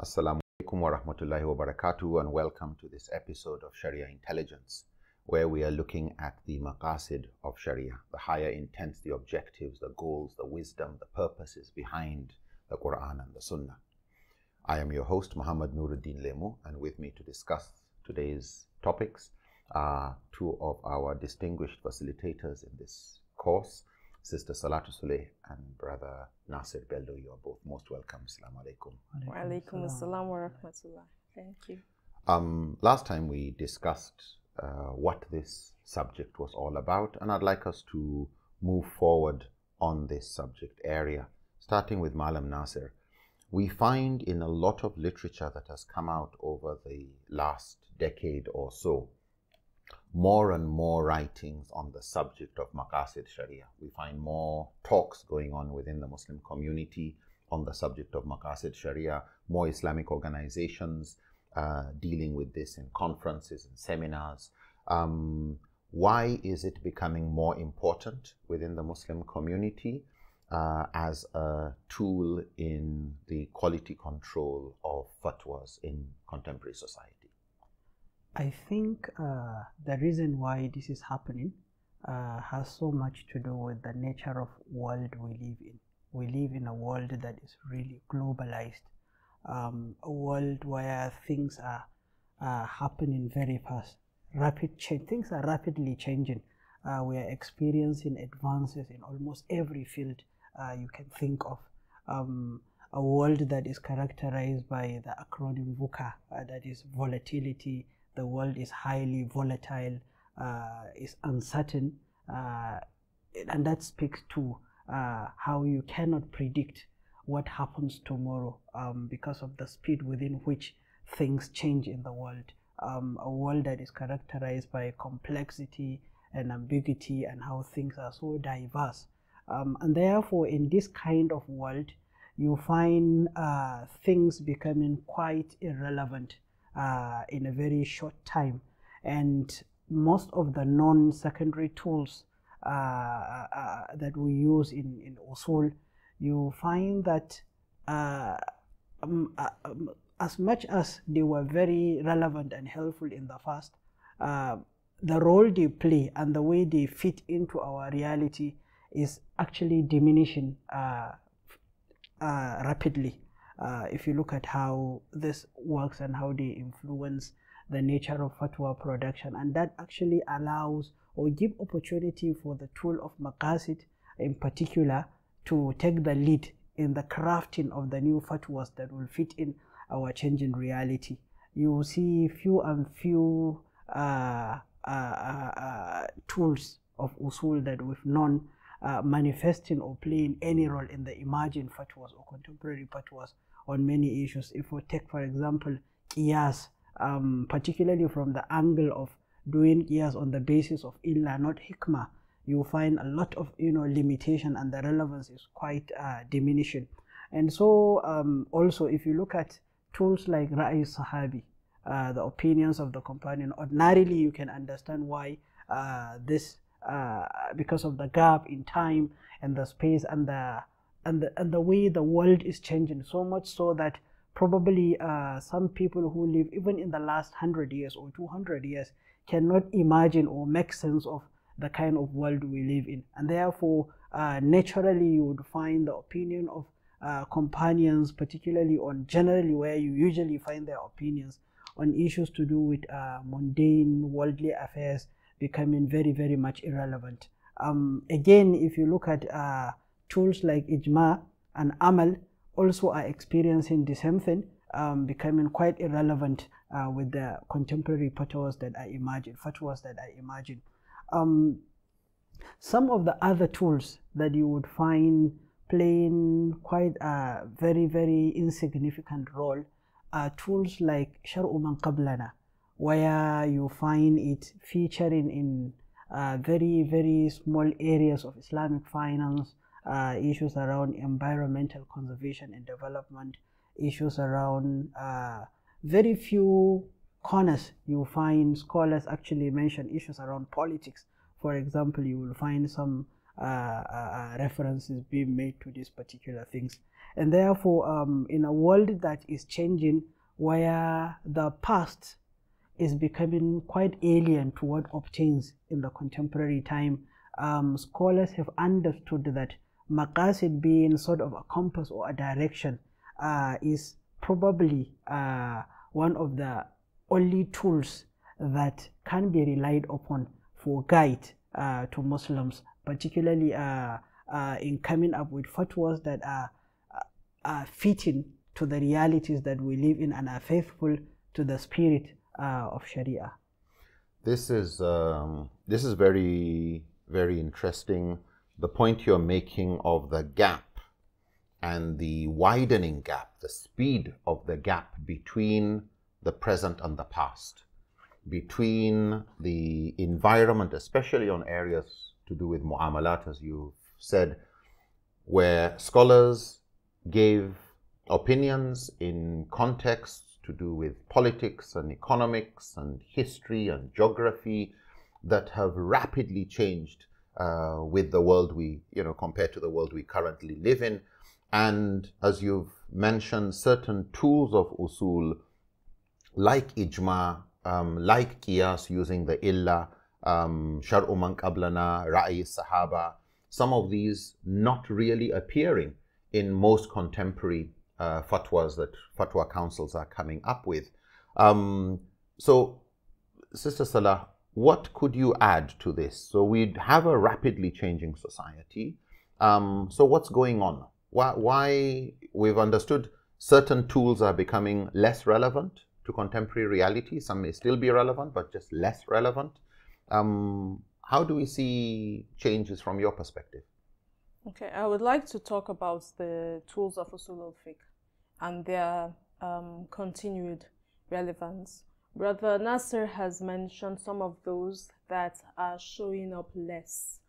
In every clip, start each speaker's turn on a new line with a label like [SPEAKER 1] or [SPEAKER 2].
[SPEAKER 1] Assalamu alaikum wa rahmatullahi wa barakatuh and welcome to this episode of Sharia Intelligence where we are looking at the maqasid of Sharia, the higher intents, the objectives, the goals, the wisdom, the purposes behind the Quran and the Sunnah. I am your host Muhammad Nuruddin Lemo and with me to discuss today's topics are two of our distinguished facilitators in this course, Sister Salatu Suleh and Brother Nasir Beldo. You are both most welcome. Assalamu alaikum. Wa alaikum
[SPEAKER 2] assalam wa rahmatullah. Thank you.
[SPEAKER 1] Um, last time we discussed uh, what this subject was all about, and I'd like us to move forward on this subject area, starting with Malam Nasir. We find in a lot of literature that has come out over the last decade or so more and more writings on the subject of Maqasid Sharia. We find more talks going on within the Muslim community on the subject of Maqasid Sharia, more Islamic organizations uh, dealing with this in conferences and seminars. Um, why is it becoming more important within the Muslim community uh, as a tool in the quality control of fatwas in contemporary society?
[SPEAKER 3] I think uh, the reason why this is happening uh, has so much to do with the nature of world we live in. We live in a world that is really globalized, um, a world where things are, are happening very fast, rapid change. Things are rapidly changing. Uh, we are experiencing advances in almost every field uh, you can think of. Um, a world that is characterized by the acronym VUCA, uh, that is volatility, the world is highly volatile, uh, is uncertain, uh, and that speaks to uh, how you cannot predict what happens tomorrow um, because of the speed within which things change in the world. Um, a world that is characterized by complexity and ambiguity and how things are so diverse. Um, and therefore, in this kind of world, you find uh, things becoming quite irrelevant uh, in a very short time. And most of the non secondary tools uh, uh, uh, that we use in, in Usul, you find that um, um, as much as they were very relevant and helpful in the past, the role they play and the way they fit into our reality is actually diminishing uh, uh, rapidly. Uh, if you look at how this works and how they influence the nature of fatwa production and that actually allows or give opportunity for the tool of maqasid in particular to take the lead in the crafting of the new fatwas that will fit in our changing reality you will see few and few uh, uh, uh, uh tools of usul that we've known uh, manifesting or playing any role in the emerging fatwas or contemporary fatwas on many issues. If we take, for example, qiyas, um, particularly from the angle of doing qiyas on the basis of illa, not hikmah, you find a lot of you know limitation and the relevance is quite uh, diminishing. And so um, also, if you look at tools like Ra'i Sahabi, uh, the opinions of the companion, ordinarily you can understand why uh, this, uh, because of the gap in time and the space and the and the, and the way the world is changing so much so that probably uh, some people who live even in the last 100 years or 200 years cannot imagine or make sense of the kind of world we live in and therefore uh, naturally you would find the opinion of uh, companions particularly on generally where you usually find their opinions on issues to do with uh, mundane worldly affairs becoming very very much irrelevant um, again if you look at uh, tools like Ijma and Amal also are experiencing the same thing, um, becoming quite irrelevant uh, with the contemporary fatwas that I imagine, fatwas that I imagine. Um, some of the other tools that you would find playing quite a very, very insignificant role are tools like Shar'u Man Qablana, where you find it featuring in uh, very, very small areas of Islamic finance, uh, issues around environmental conservation and development, issues around uh, very few corners you find scholars actually mention issues around politics. For example, you will find some uh, uh, uh, references being made to these particular things. And therefore, um, in a world that is changing, where the past is becoming quite alien to what obtains in the contemporary time, um, scholars have understood that maqasid being sort of a compass or a direction uh, is probably uh, one of the only tools that can be relied upon for guide uh, to Muslims, particularly uh, uh, in coming up with fatwas that are, uh, are, fitting to the realities that we live in and are faithful to the spirit of Sharia.
[SPEAKER 1] This is um, this is very very interesting the point you're making of the gap and the widening gap, the speed of the gap between the present and the past, between the environment, especially on areas to do with mu'amalat, as you said, where scholars gave opinions in contexts to do with politics and economics and history and geography that have rapidly changed uh, with the world we, you know, compared to the world we currently live in. And as you've mentioned, certain tools of usul, like ijma, um, like qiyas using the illa, um, shar'u man qablana, ra'i sahaba, some of these not really appearing in most contemporary uh, fatwas that fatwa councils are coming up with. Um, so, Sister Salah, what could you add to this? So we have a rapidly changing society. Um, so what's going on? Why, why we've understood certain tools are becoming less relevant to contemporary reality. Some may still be relevant, but just less relevant. Um, how do we see changes from your perspective?
[SPEAKER 2] Okay, I would like to talk about the tools of usul fiqh and their um, continued relevance. Brother Nasser has mentioned some of those that are showing up less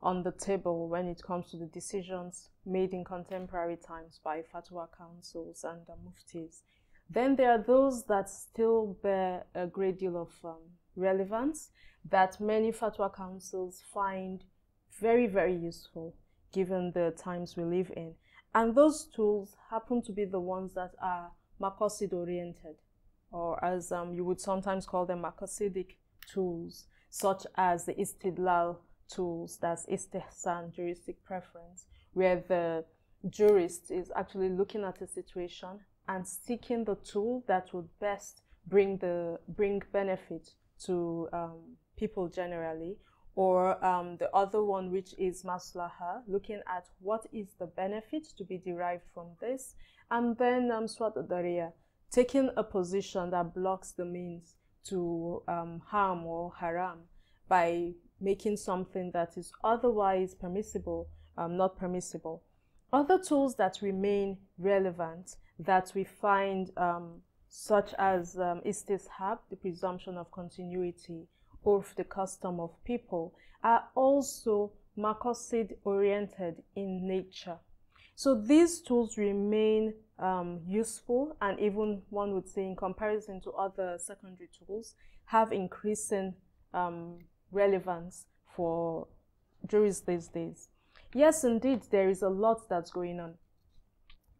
[SPEAKER 2] on the table when it comes to the decisions made in contemporary times by fatwa councils and the muftis. Then there are those that still bear a great deal of um, relevance that many fatwa councils find very, very useful given the times we live in. And those tools happen to be the ones that are Makosid oriented or as um, you would sometimes call them, Makasidic tools, such as the Istidlal tools, that's Istihsan, juristic preference, where the jurist is actually looking at a situation and seeking the tool that would best bring the bring benefit to um, people generally or um, the other one which is maslaha looking at what is the benefit to be derived from this and then um, Daria taking a position that blocks the means to um, harm or haram by making something that is otherwise permissible um, not permissible. Other tools that remain relevant that we find, um, such as um, istishab, the presumption of continuity, or the custom of people, are also Marcosid oriented in nature. So these tools remain um, useful and even one would say in comparison to other secondary tools have increasing um, relevance for juries these days. Yes, indeed, there is a lot that's going on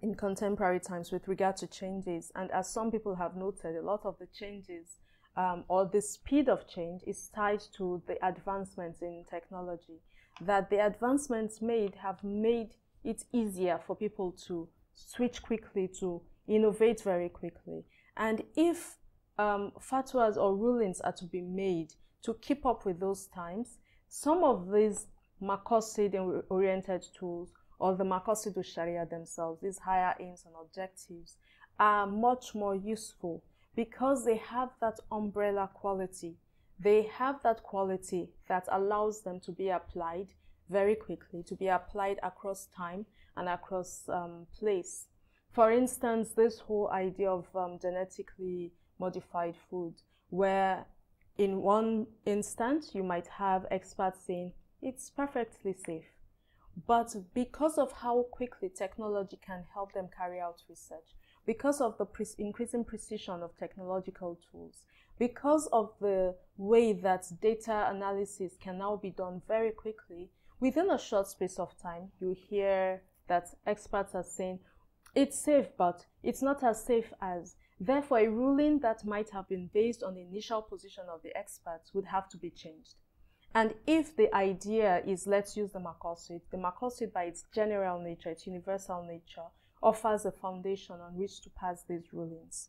[SPEAKER 2] in contemporary times with regard to changes. And as some people have noted, a lot of the changes um, or the speed of change is tied to the advancements in technology. That the advancements made have made it easier for people to switch quickly, to innovate very quickly. And if um, fatwas or rulings are to be made to keep up with those times, some of these Makosid oriented tools or the Makosidu Sharia themselves, these higher aims and objectives, are much more useful because they have that umbrella quality. They have that quality that allows them to be applied very quickly to be applied across time and across um, place. For instance, this whole idea of um, genetically modified food, where in one instance you might have experts saying it's perfectly safe. But because of how quickly technology can help them carry out research, because of the pre increasing precision of technological tools, because of the way that data analysis can now be done very quickly within a short space of time, you hear that experts are saying it's safe, but it's not as safe as. Therefore, a ruling that might have been based on the initial position of the experts would have to be changed. And if the idea is let's use the suit, the suit, by its general nature, its universal nature, offers a foundation on which to pass these rulings.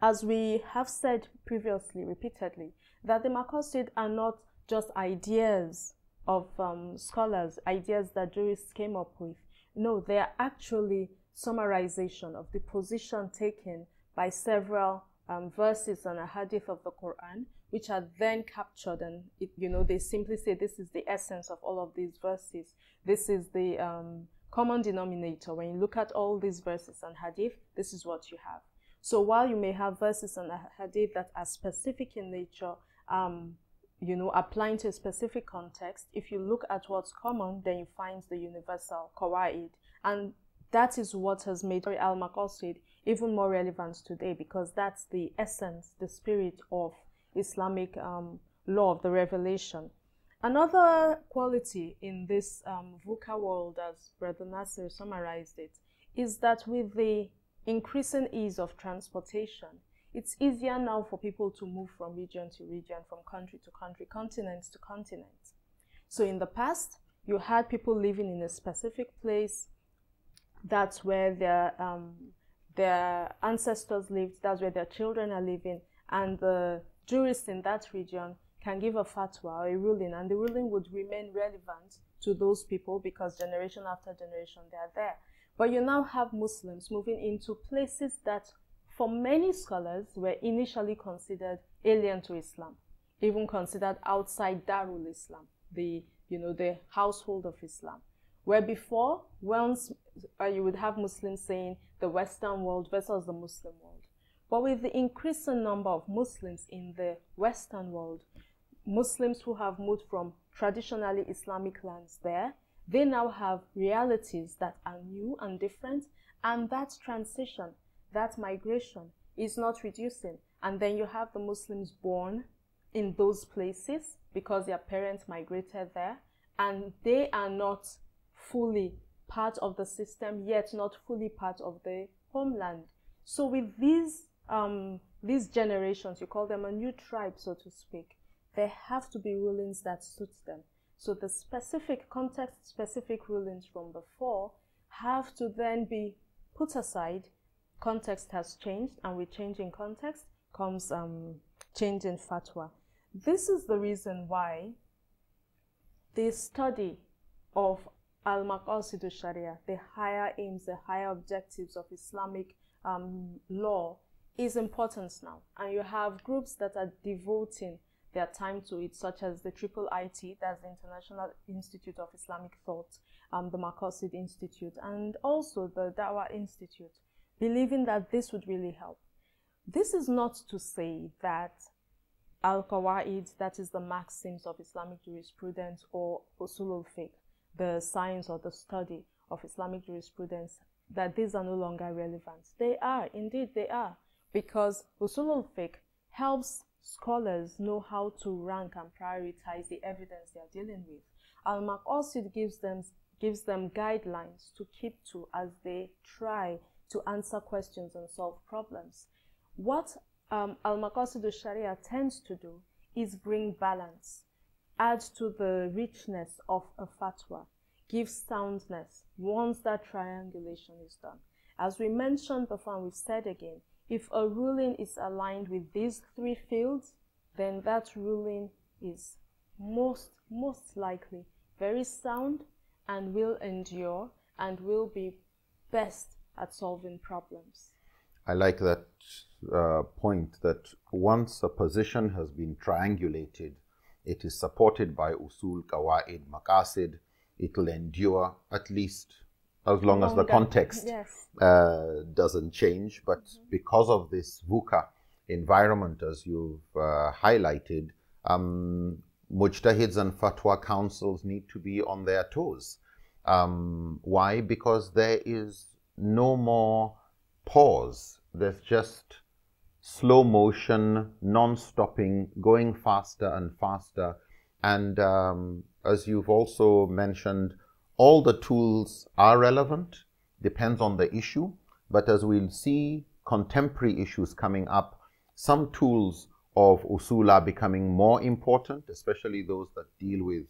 [SPEAKER 2] As we have said previously, repeatedly, that the suit are not just ideas of um, scholars, ideas that jurists came up with. No, they are actually summarization of the position taken by several um, verses and a hadith of the Quran, which are then captured and it, you know they simply say this is the essence of all of these verses. This is the um, common denominator. When you look at all these verses and hadith, this is what you have. So while you may have verses and hadith that are specific in nature, um, you know, applying to a specific context, if you look at what's common, then you find the universal kawaid. And that is what has made Al Maqasid even more relevant today because that's the essence, the spirit of Islamic um, law of the revelation. Another quality in this um, VUCA world, as Brother Nasser summarized it, is that with the increasing ease of transportation, it's easier now for people to move from region to region, from country to country, continent to continent. So in the past, you had people living in a specific place. That's where their um, their ancestors lived. That's where their children are living, and the jurist in that region can give a fatwa or a ruling, and the ruling would remain relevant to those people because generation after generation they are there. But you now have Muslims moving into places that for many scholars were initially considered alien to Islam, even considered outside Darul Islam, the you know the household of Islam. Where before, once uh, you would have Muslims saying the Western world versus the Muslim world, but with the increasing number of Muslims in the Western world, Muslims who have moved from traditionally Islamic lands there, they now have realities that are new and different, and that transition that migration. is not reducing. And then you have the Muslims born in those places because their parents migrated there and they are not fully part of the system yet not fully part of the homeland. So with these um, these generations, you call them a new tribe, so to speak, there have to be rulings that suit them. So the specific context specific rulings from before have to then be put aside context has changed, and with changing context comes um, change in fatwa. This is the reason why the study of al maqasidu sharia the higher aims, the higher objectives of Islamic um, law, is important now. And you have groups that are devoting their time to it, such as the Triple IT, that's the International Institute of Islamic Thought, um, the Maqasid Institute, and also the Dawa Institute believing that this would really help. This is not to say that al-Qawaid, that is the maxims of Islamic jurisprudence or usul al-fiqh, the science or the study of Islamic jurisprudence, that these are no longer relevant. They are, indeed they are, because usul al-fiqh helps scholars know how to rank and prioritize the evidence they are dealing with. Al-Maqasid gives them, gives them guidelines to keep to as they try to answer questions and solve problems. What um, Al-Maqasidu Sharia tends to do is bring balance, add to the richness of a fatwa, give soundness once that triangulation is done. As we mentioned before and we've said again, if a ruling is aligned with these three fields, then that ruling is most, most likely very sound and will endure and will be best at solving problems.
[SPEAKER 1] I like that uh, point that once a position has been triangulated, it is supported by usul, kawaid, makassid. it'll endure at least as long Longer. as the context yes. uh, doesn't change. But mm -hmm. because of this VUCA environment, as you've uh, highlighted, um, mujtahids and fatwa councils need to be on their toes. Um, why? Because there is no more pause. There's just slow motion, non stopping, going faster and faster. And um, as you've also mentioned, all the tools are relevant, depends on the issue. But as we'll see contemporary issues coming up, some tools of usul are becoming more important, especially those that deal with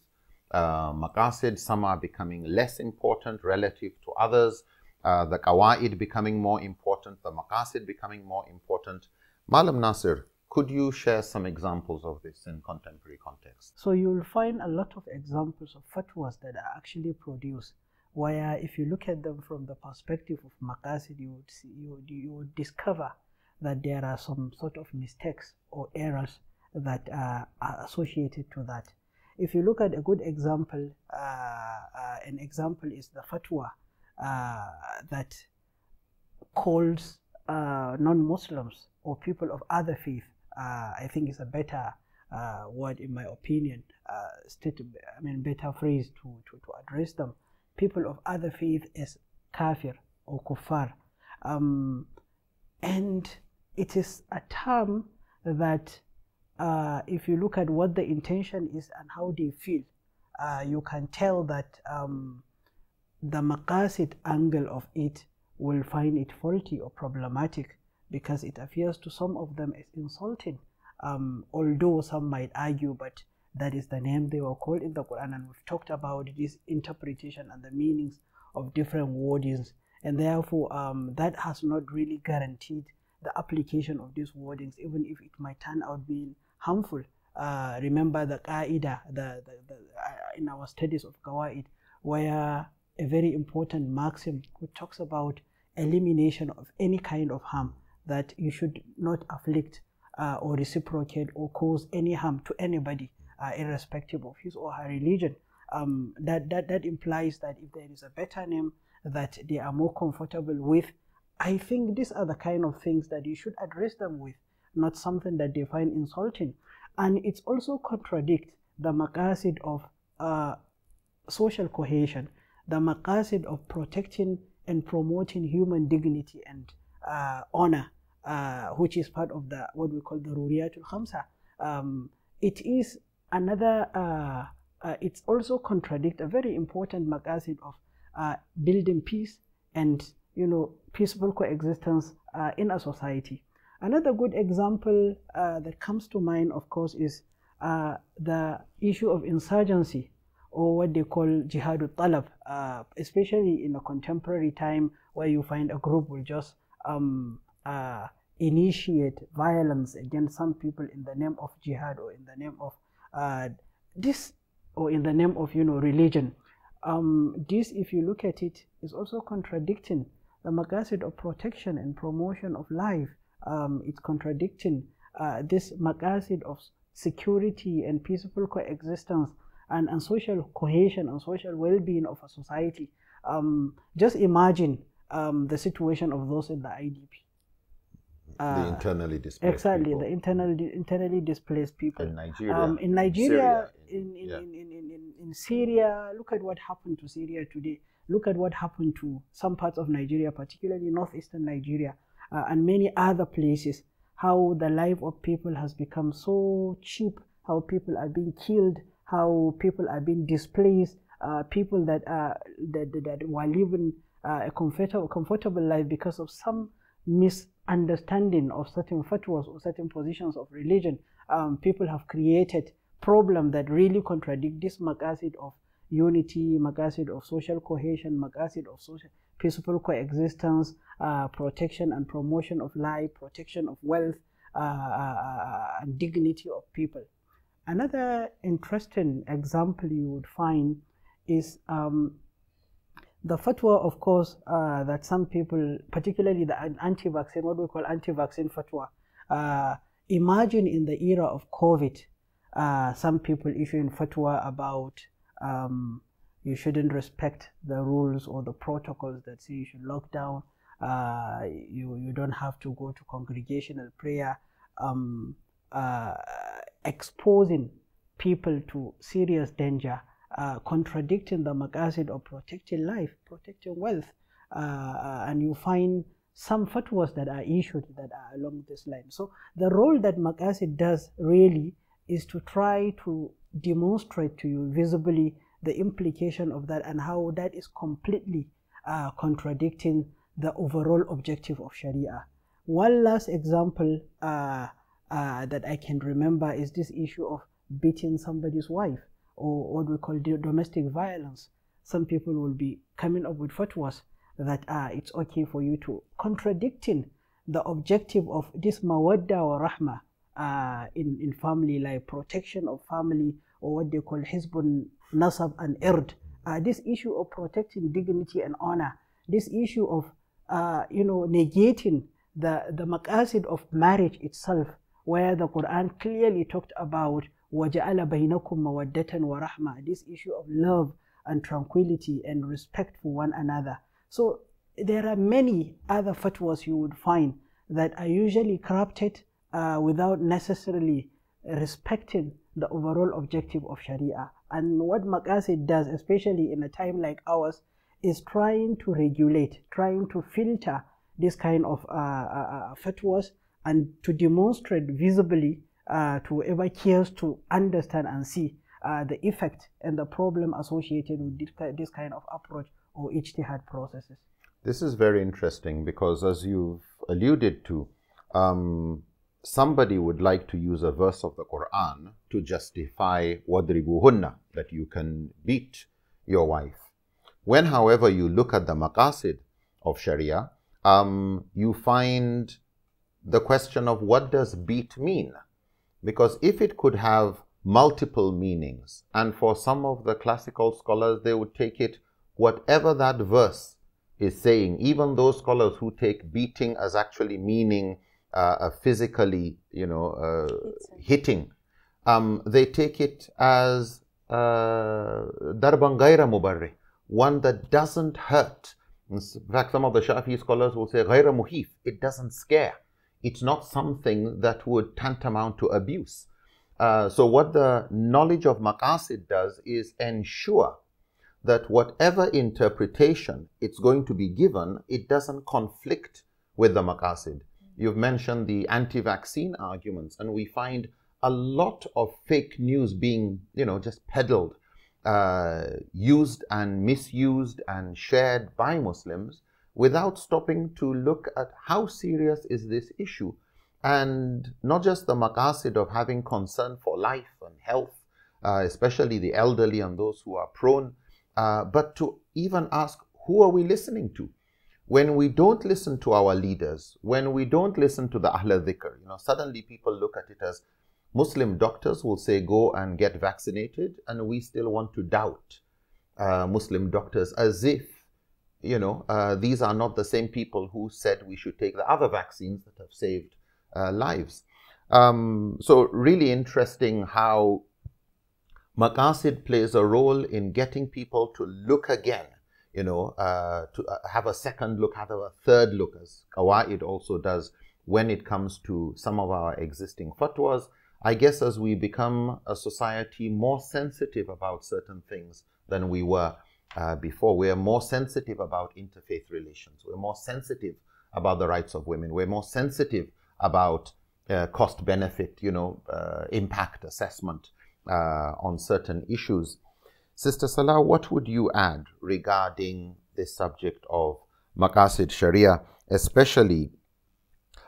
[SPEAKER 1] uh, maqasid. Some are becoming less important relative to others. Uh, the qawaid becoming more important, the maqasid becoming more important. Malam Nasir, could you share some examples of this in contemporary context?
[SPEAKER 3] So you'll find a lot of examples of fatwas that are actually produced where if you look at them from the perspective of maqasid, you would, see, you, would, you would discover that there are some sort of mistakes or errors that uh, are associated to that. If you look at a good example, uh, uh, an example is the fatwa uh, that calls uh, non-Muslims or people of other faith, uh, I think is a better word in my opinion, state, I mean better phrase to, to, to address them. People of other faith as kafir or kuffar. Um, and it is a term that uh, if you look at what the intention is and how they feel, uh, you can tell that um, the maqasid angle of it will find it faulty or problematic because it appears to some of them as insulting. Um, although some might argue, but that is the name they were called in the Quran, and we've talked about this interpretation and the meanings of different wordings, and therefore um, that has not really guaranteed the application of these wordings, even if it might turn out being harmful. Uh, remember the qaida, the, the, the uh, in our studies of qawaid, where a very important maxim which talks about elimination of any kind of harm, that you should not afflict uh, or reciprocate or cause any harm to anybody, uh, irrespective of his or her religion. Um, that, that, that implies that if there is a better name that they are more comfortable with, I think these are the kind of things that you should address them with, not something that they find insulting. And it's also contradict the maqasid of uh, social cohesion the maqasid of protecting and promoting human dignity and uh, honor, uh, which is part of the what we call the Ruriyatul Khamsa. Um, it is another, uh, uh it's also contradict a very important maqasid of uh, building peace and you know peaceful coexistence uh, in a society. Another good example that comes to mind, of course, is the issue of insurgency or what they call jihadul talab, uh, especially in a contemporary time where you find a group will just um, uh, initiate violence against some people in the name of jihad or in the name of uh, this or in the name of you know religion. Um, this, if you look at it, is also contradicting the maqasid of protection and promotion of life. Um, it's contradicting uh, this maqasid of security and peaceful coexistence and, and social cohesion and social well-being of a society. Um, just imagine um, the situation of those in the IDP.
[SPEAKER 1] Uh, the internally displaced exactly
[SPEAKER 3] people. the internally internally displaced people in Nigeria, um, in, Nigeria
[SPEAKER 1] in, in, yeah. in, in,
[SPEAKER 3] in Syria. Look at what happened to Syria today. Look at what happened to some parts of Nigeria, particularly northeastern Nigeria, uh, and many other places. How the life of people has become so cheap. How people are being killed how people are being displaced, uh, people that are that, that, that were living uh, a comfortable comfortable life because of some misunderstanding of certain fatwas or certain positions of religion. Um, people have created problems that really contradict this magazine of unity, magazine of social cohesion, magazine of social peaceful coexistence, uh, protection and promotion of life, protection of wealth, uh, uh, uh and dignity of people. Another interesting example you would find is um, the fatwa, of course, uh, that some people, particularly the anti-vaccine, what we call anti-vaccine fatwa. Uh, imagine in the era of COVID, uh, some people issuing fatwa about um, you shouldn't respect the rules or the protocols that say you should lock down. Uh, you you don't have to go to congregational prayer. Um, uh, exposing people to serious danger, uh, contradicting the maqasid of protecting life, protecting wealth. Uh, uh, and you find some fatwas that are issued that are along this line. So the role that maqasid does really is to try to demonstrate to you visibly the implication of that and how that is completely uh, contradicting the overall objective of Sharia. One last example uh, uh, that I can remember is this issue of beating somebody's wife or what we call domestic violence. Some people will be coming up with fatwas that uh, it's okay for you to contradicting the objective of this mawadda or rahma uh, in, in family life, protection of family or what they call hizbun nasab and ird. Uh, this issue of protecting dignity and honor, this issue of uh, you know negating the, the maqasid of marriage itself, where the Quran clearly talked about وَجَعَلَ بَيْنَكُمْ مَوَدَّةً وَرَحْمَةً this issue of love and tranquility and respect for one another. So there are many other fatwas you would find that are usually corrupted uh, without necessarily respecting the overall objective of Sharia. And what Maqasid does, especially in a time like ours, is trying to regulate, trying to filter this kind of uh, uh, uh fatwas and to demonstrate visibly uh, to whoever cares to understand and see uh, the effect and the problem associated with this, kind of approach or HTHAD processes.
[SPEAKER 1] This is very interesting because, as you've alluded to, um, somebody would like to use a verse of the Quran to justify wadribuhunna, that you can beat your wife. When, however, you look at the maqasid of Sharia, um, you find the question of what does beat mean? Because if it could have multiple meanings, and for some of the classical scholars, they would take it whatever that verse is saying, even those scholars who take beating as actually meaning uh, uh physically, you know, uh, hitting, um, they take it as uh, darban ghaira mubarri, one that doesn't hurt. In fact, some of the Shafi scholars will say ghaira muhif, it doesn't scare it's not something that would tantamount to abuse. Uh, so what the knowledge of maqasid does is ensure that whatever interpretation it's going to be given, it doesn't conflict with the maqasid. You've mentioned the anti-vaccine arguments, and we find a lot of fake news being, you know, just peddled, uh, used and misused and shared by Muslims without stopping to look at how serious is this issue and not just the maqasid of having concern for life and health, uh, especially the elderly and those who are prone, uh, but to even ask who are we listening to? When we don't listen to our leaders, when we don't listen to the Ahl dhikr, you know, suddenly people look at it as Muslim doctors will say go and get vaccinated, and we still want to doubt uh, Muslim doctors as if you know, uh, these are not the same people who said we should take the other vaccines that have saved uh, lives. Um, so really interesting how Macassid plays a role in getting people to look again, you know, uh, to uh, have a second look, have a third look, as Kawaid also does when it comes to some of our existing fatwas. I guess as we become a society more sensitive about certain things than we were uh, before, we are more sensitive about interfaith relations. We're more sensitive about the rights of women. We're more sensitive about uh, cost benefit, you know, uh, impact assessment uh, on certain issues. Sister Salah, what would you add regarding this subject of Maqasid Sharia, especially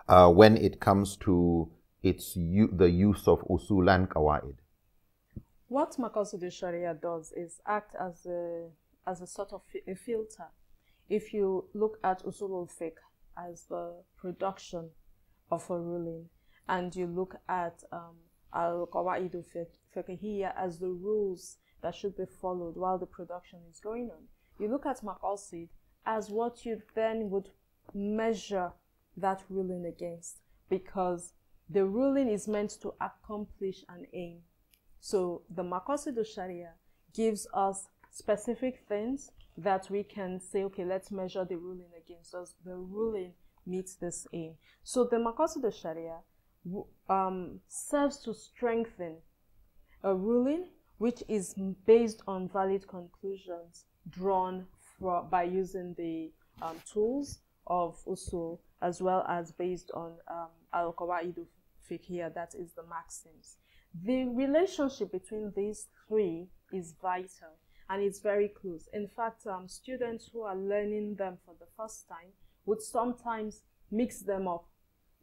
[SPEAKER 1] uh, when it comes to its the use of usul and qawaid?
[SPEAKER 2] What Maqasid Sharia does is act as a as a sort of a filter. If you look at usulul fiqh as the production of a ruling, and you look at um, al-qawaidu fiqhiyya as the rules that should be followed while the production is going on, you look at maqasid as what you then would measure that ruling against because the ruling is meant to accomplish an aim. So the al Sharia gives us specific things that we can say, okay, let's measure the ruling against us. The ruling meets this aim. So the makassar de Sharia um, serves to strengthen a ruling which is based on valid conclusions drawn for, by using the um, tools of usul as well as based on um, al-qawaidu fiqhiyya, that is the maxims. The relationship between these three is vital and it's very close. In fact, um, students who are learning them for the first time would sometimes mix them up,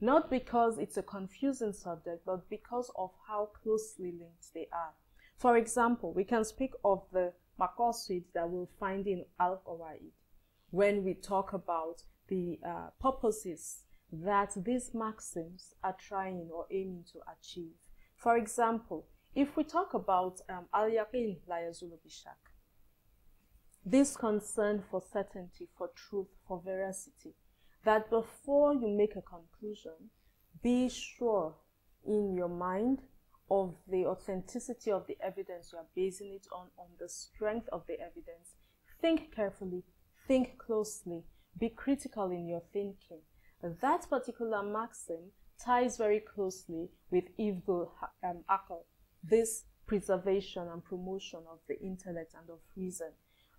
[SPEAKER 2] not because it's a confusing subject, but because of how closely linked they are. For example, we can speak of the Makor that we'll find in Al Qawaid when we talk about the uh, purposes that these maxims are trying or aiming to achieve. For example, if we talk about um, al-yaqin la yazulu bishak, this concern for certainty, for truth, for veracity, that before you make a conclusion, be sure in your mind of the authenticity of the evidence you are basing it on, on the strength of the evidence. Think carefully, think closely, be critical in your thinking. That particular maxim ties very closely with Evil um, Akal, this preservation and promotion of the intellect and of reason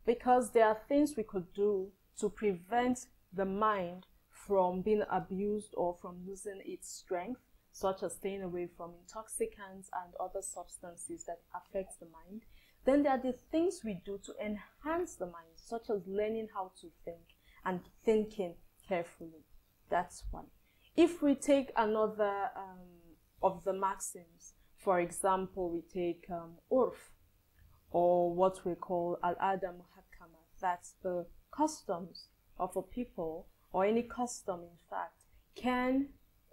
[SPEAKER 2] because there are things we could do to prevent the mind from being abused or from losing its strength, such as staying away from intoxicants and other substances that affect the mind. Then there are the things we do to enhance the mind, such as learning how to think and thinking carefully. That's one. If we take another um, of the maxims, for example, we take um, Urf, or what we call Al Adam that the customs of a people or any custom in fact can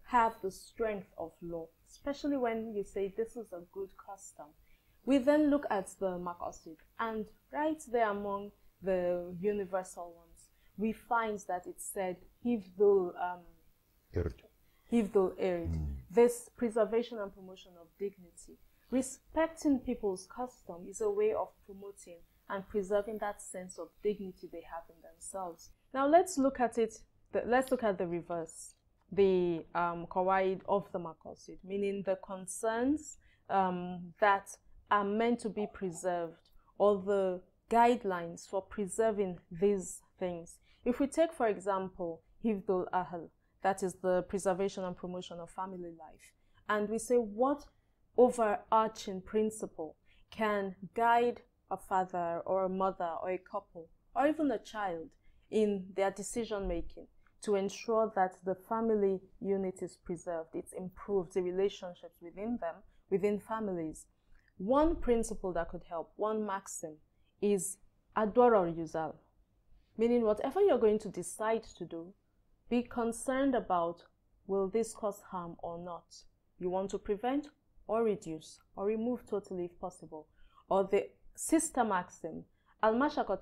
[SPEAKER 2] have the strength of law especially when you say this is a good custom we then look at the makosid and right there among the universal ones we find that it said hivdul um, erid. hivdul erid mm. this preservation and promotion of dignity respecting people's custom is a way of promoting and preserving that sense of dignity they have in themselves. Now let's look at it, let's look at the reverse, the um, kawaid of the makosid, meaning the concerns um, that are meant to be preserved or the guidelines for preserving these things. If we take, for example, Hivdul Ahl, that is the preservation and promotion of family life, and we say what overarching principle can guide a father or a mother or a couple or even a child in their decision making to ensure that the family unit is preserved, it's improved, the relationships within them, within families. One principle that could help, one maxim, is adora yuzal, meaning whatever you're going to decide to do, be concerned about will this cause harm or not. You want to prevent or reduce or remove totally if possible, or the Sister maxim, whatever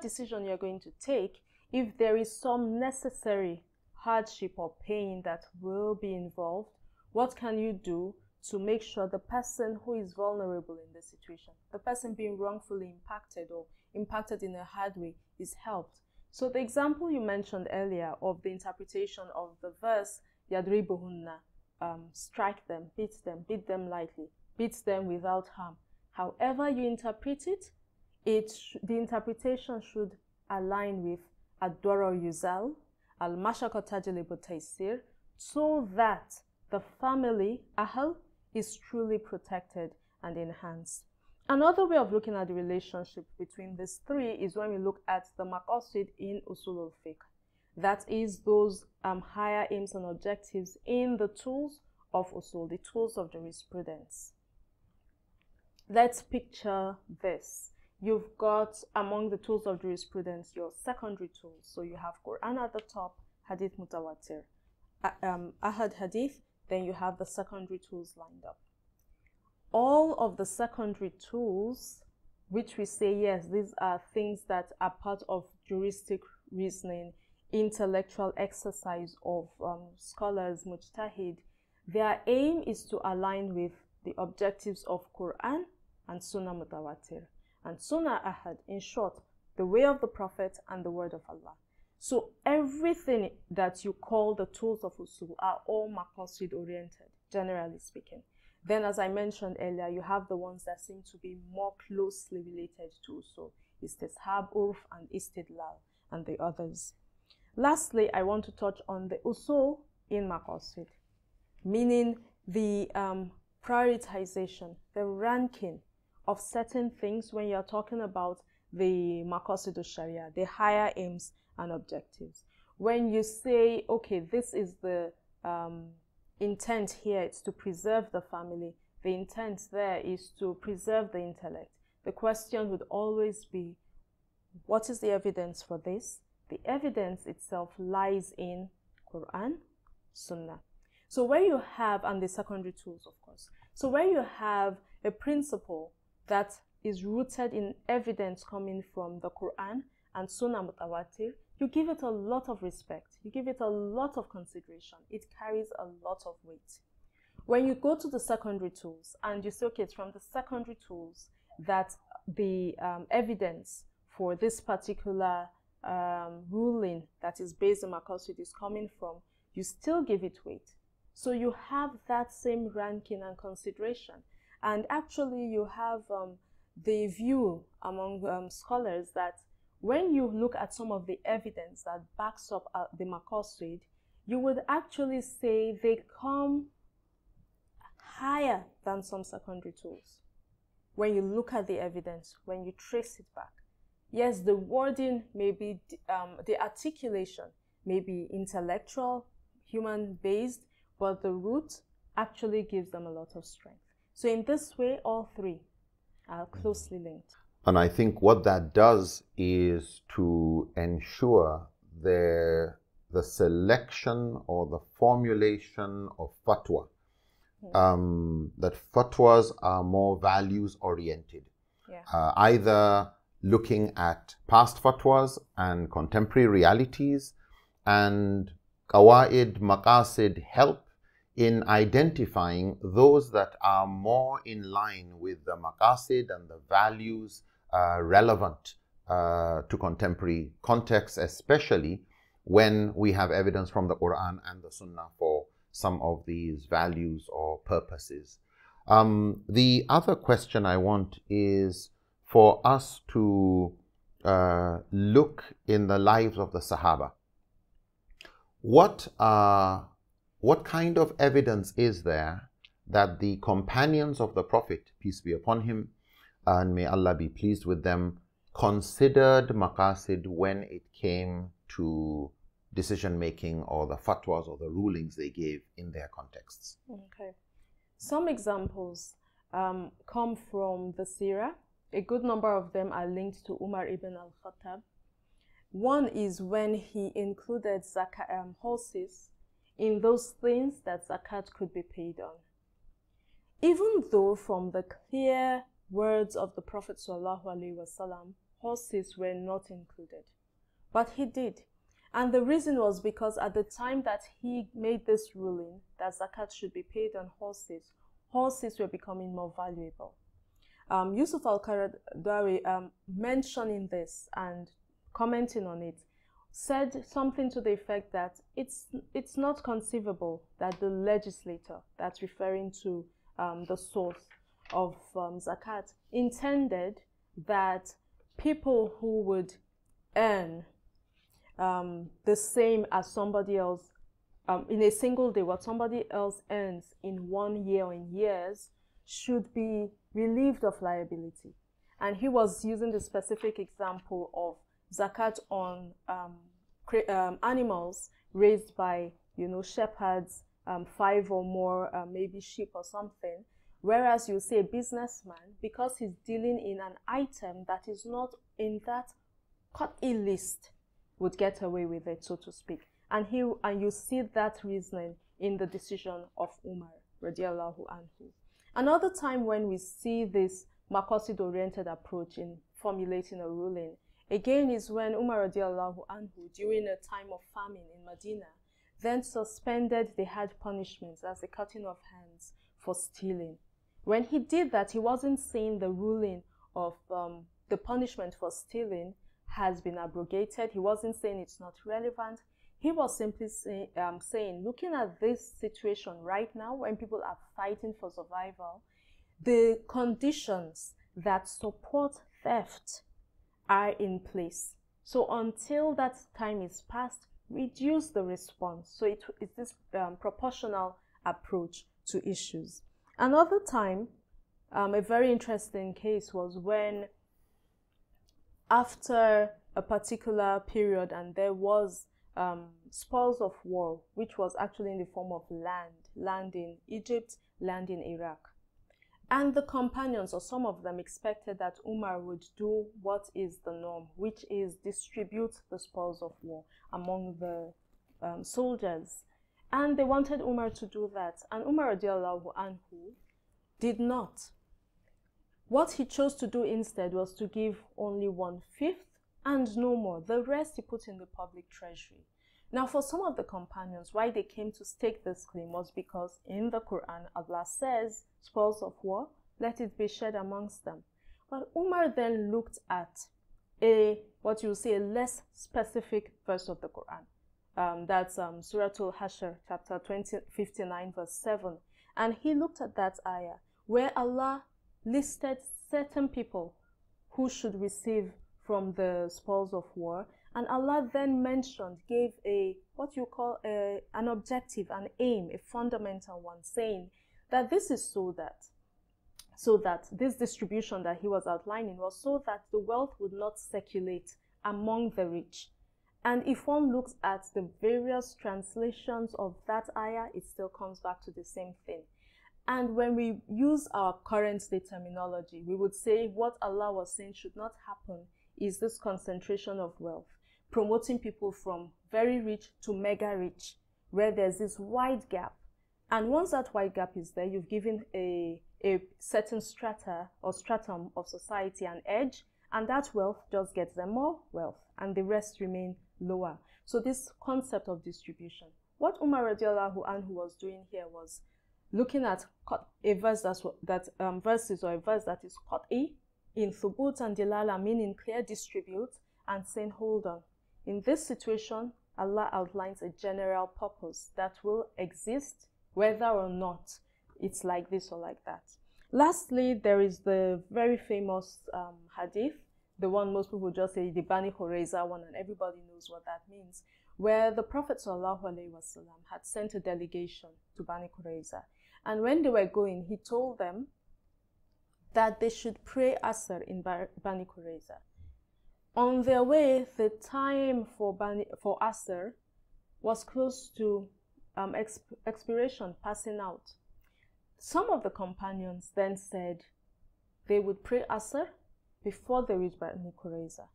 [SPEAKER 2] decision you're going to take, if there is some necessary hardship or pain that will be involved, what can you do to make sure the person who is vulnerable in the situation, the person being wrongfully impacted or impacted in a hard way, is helped? So, the example you mentioned earlier of the interpretation of the verse, Yadribuhunna, um, strike them, beat them, beat them lightly, beat them without harm However you interpret it, it the interpretation should align with Adwara Yuzal, Al Mashakot Taysir, so that the family, Ahal, is truly protected and enhanced. Another way of looking at the relationship between these three is when we look at the maqasid in usul al fiqh. That is those um, higher aims and objectives in the tools of usul, the tools of jurisprudence. Let's picture this. You've got among the tools of jurisprudence your secondary tools. So you have Quran at the top, Hadith Mutawatir, um, Ahad Hadith, then you have the secondary tools lined up. All of the secondary tools, which we say, yes, these are things that are part of juristic reasoning, intellectual exercise of um, scholars, mujtahid, their aim is to align with the objectives of Quran and Sunnah Mutawatir. And Sunnah Ahad, in short, the way of the Prophet and the word of Allah. So everything that you call the tools of usul are all maqasid oriented, generally speaking. Then, as I mentioned earlier, you have the ones that seem to be more closely related to usul, istishab, urf, and istidlal, and the others. Lastly, I want to touch on the usul in maqasid, meaning the um, prioritization, the ranking of certain things when you're talking about the Makosidu Sharia, the higher aims and objectives. When you say, okay, this is the um, intent here, it's to preserve the family, the intent there is to preserve the intellect. The question would always be, what is the evidence for this? The evidence itself lies in Quran, Sunnah. So where you have, and the secondary tools, of course. So where you have a principle that is rooted in evidence coming from the Quran and Sunnah Mutawatir, you give it a lot of respect. You give it a lot of consideration. It carries a lot of weight. When you go to the secondary tools and you say, okay, it's from the secondary tools that the um, evidence for this particular um, ruling that is based on Makosid is coming from, you still give it weight. So you have that same ranking and consideration. And actually, you have um, the view among um, scholars that when you look at some of the evidence that backs up uh, the Macaulay, you would actually say they come higher than some secondary tools. When you look at the evidence, when you trace it back, yes, the wording may be, um, the articulation may be intellectual, human based, but the root actually gives them a lot of strength. So in this way, all three are closely linked.
[SPEAKER 1] And I think what that does is to ensure the, the selection or the formulation of fatwa. Hmm. Um, that fatwas are more values oriented. Yeah. Uh, either looking at past fatwas and contemporary realities and qawaid, maqasid help in identifying those that are more in line with the maqasid and the values uh, relevant uh, to contemporary contexts, especially when we have evidence from the Quran and the Sunnah for some of these values or purposes. Um, the other question I want is for us to uh, look in the lives of the Sahaba. What are what kind of evidence is there that the companions of the Prophet, peace be upon him, and may Allah be pleased with them, considered maqasid when it came to decision making or the fatwas or the rulings they gave in their contexts.
[SPEAKER 2] Okay. Some examples um, come from the Sirah. A good number of them are linked to Umar ibn al Khattab. One is when he included zaka, um, horses in those things that zakat could be paid on. Even though from the clear words of the Prophet wasallam, horses were not included, but he did. And the reason was because at the time that he made this ruling that zakat should be paid on horses, horses were becoming more valuable. Um, Yusuf al Karadawi um, mentioning this and commenting on it, said something to the effect that it's, it's not conceivable that the legislator, that's referring to um, the source of um, zakat, intended that people who would earn um, the same as somebody else um, in a single day, what somebody else earns in one year or in years should be relieved of liability. And he was using the specific example of zakat on um, um, animals raised by you know shepherds, um, five or more, uh, maybe sheep or something. Whereas you say a businessman because he's dealing in an item that is not in that cut in list would get away with it, so to speak. And he and you see that reasoning in the decision of Umar radiallahu anhu. Another time when we see this makosid oriented approach in formulating a ruling Again is when Umar radiallahu anhu, during a time of famine in Medina, then suspended the hard punishments as the cutting of hands for stealing. When he did that, he wasn't saying the ruling of um, the punishment for stealing has been abrogated. He wasn't saying it's not relevant. He was simply say, um, saying, looking at this situation right now, when people are fighting for survival, the conditions that support theft are in place. So until that time is passed, reduce the response. So it is this um, proportional approach to issues. Another time, um, a very interesting case was when after a particular period and there was um, spoils of war, which was actually in the form of land, land in Egypt, land in Iraq. And the companions, or some of them, expected that Umar would do what is the norm, which is distribute the spoils of war among the um, soldiers. And they wanted Umar to do that. And Umar anhu did not. What he chose to do instead was to give only one fifth and no more. The rest he put in the public treasury. Now, for some of the companions, why they came to stake this claim was because in the Quran, Allah says, spoils of war, let it be shared amongst them. But Umar then looked at a, what you say, a less specific verse of the Quran. Um, that's um, Surah Al-Hashr, chapter 20, 59, verse 7. And he looked at that ayah where Allah listed certain people who should receive from the spoils of war and Allah then mentioned, gave a what you call a, an objective, an aim, a fundamental one, saying that this is so that so that this distribution that he was outlining was so that the wealth would not circulate among the rich. And if one looks at the various translations of that ayah, it still comes back to the same thing. And when we use our current day terminology, we would say what Allah was saying should not happen is this concentration of wealth promoting people from very rich to mega rich, where there's this wide gap. And once that wide gap is there, you've given a, a certain strata or stratum of society an edge, and that wealth just gets them more wealth, and the rest remain lower. So this concept of distribution. What Umar radiallahu anhu was doing here was looking at a verse that's, that um, verses or a verse that is qat'i in thubut and dilala, meaning clear distribute, and saying, hold on, in this situation, Allah outlines a general purpose that will exist whether or not it's like this or like that. Lastly, there is the very famous um, hadith, the one most people just say, the Bani Horeza one, and everybody knows what that means, where the Prophet wasallam had sent a delegation to Bani Horeza. And when they were going, he told them that they should pray Asr in Bani Horeza. On their way, the time for, Bani, for Aser was close to um, exp expiration, passing out. Some of the companions then said they would pray Asr before they reached Bani Kureza.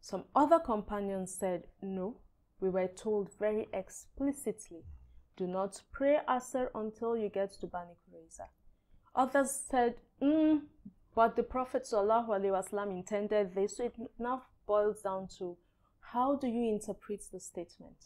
[SPEAKER 2] Some other companions said, No, we were told very explicitly, do not pray Aser until you get to Bani Kureza. Others said, mm, but the Prophet ﷺ intended this, so it now boils down to how do you interpret the statement?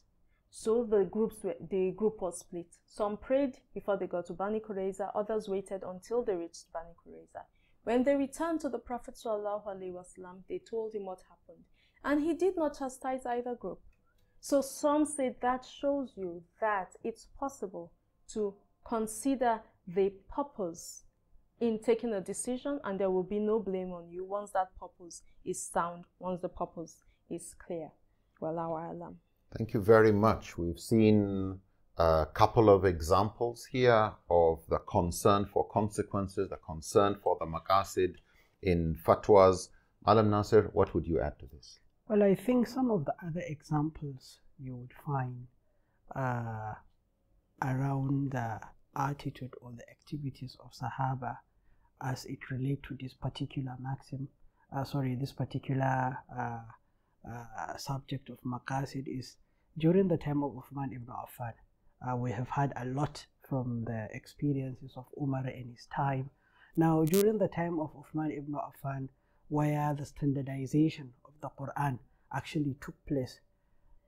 [SPEAKER 2] So the groups were, the group was split. Some prayed before they got to Bani Qurayza, others waited until they reached Bani Qurayza. When they returned to the Prophet wasallam, they told him what happened, and he did not chastise either group. So some say that shows you that it's possible to consider the purpose in taking a decision and there will be no blame on you once that purpose is sound, once the purpose is clear. Wallahu
[SPEAKER 1] Thank you very much. We've seen a couple of examples here of the concern for consequences, the concern for the maqasid in fatwas. Alam Nasir, what would you add to this?
[SPEAKER 3] Well, I think some of the other examples you would find uh, around the uh, attitude or the activities of Sahaba as it relate to this particular maxim, uh, sorry, this particular uh, uh, subject of Maqasid is during the time of Uthman ibn Affan, uh, we have had a lot from the experiences of Umar in his time. Now, during the time of Uthman ibn Affan, where the standardization of the Quran actually took place,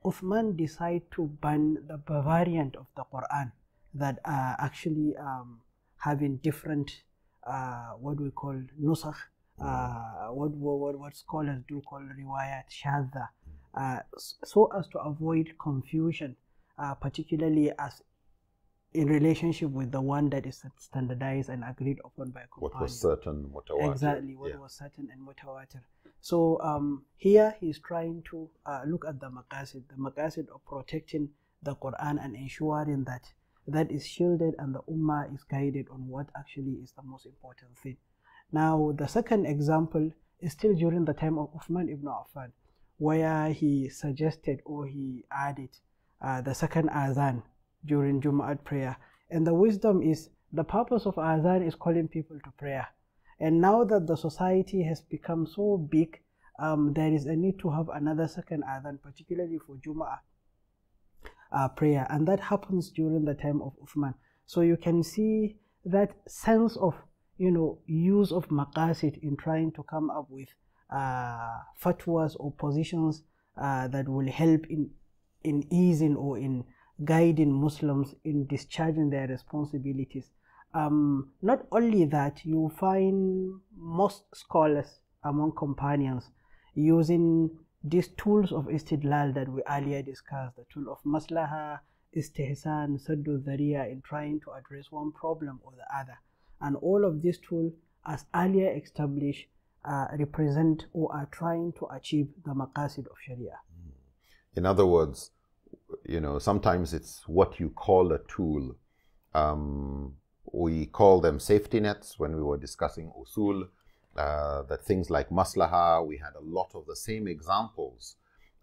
[SPEAKER 3] Uthman decided to ban the variant of the Quran that are actually um, having different uh, what we call nusakh, uh, mm. what, what, what scholars do call riwayat shadha, mm. uh, so as to avoid confusion, uh, particularly as in relationship with the one that is standardized and agreed upon by companion. What was
[SPEAKER 1] certain, mutawatir. Exactly, what
[SPEAKER 3] yeah. was certain and mutawatir. So um, here he's trying to uh, look at the maqasid, the maqasid of protecting the Quran and ensuring that that is shielded and the ummah is guided on what actually is the most important thing. Now, the second example is still during the time of Uthman ibn Affan, where he suggested or he added uh, the second azan during Jumu'at prayer. And the wisdom is the purpose of azan is calling people to prayer. And now that the society has become so big, um, there is a need to have another second adhan, particularly for Jumu'ah, uh, prayer, and that happens during the time of Uthman. So you can see that sense of you know use of maqasid in trying to come up with uh, fatwas or positions uh, that will help in in easing or in guiding Muslims in discharging their responsibilities. Um, not only that, you find most scholars among companions using these tools of istidlal that we earlier discussed, the tool of maslaha, istihsan, saddu dhariya, in trying to address one problem or the other. And all of these tools, as earlier established, uh, represent or are trying to achieve the maqasid of Sharia.
[SPEAKER 1] In other words, you know, sometimes it's what you call a tool. Um, we call them safety nets when we were discussing usul. Uh, that things like maslaha, we had a lot of the same examples